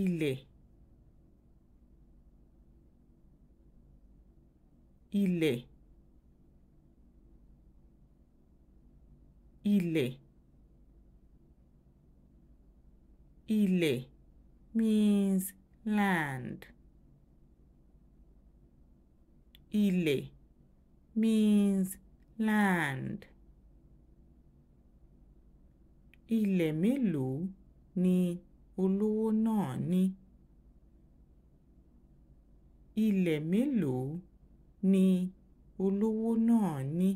ilẹ̀ ilẹ̀ ilẹ̀ ilẹ̀ means land ilẹ̀ means land ilẹ̀ mélòó ni olówó náà ní. Ilẹ̀ mélòó ni olówó náà ní?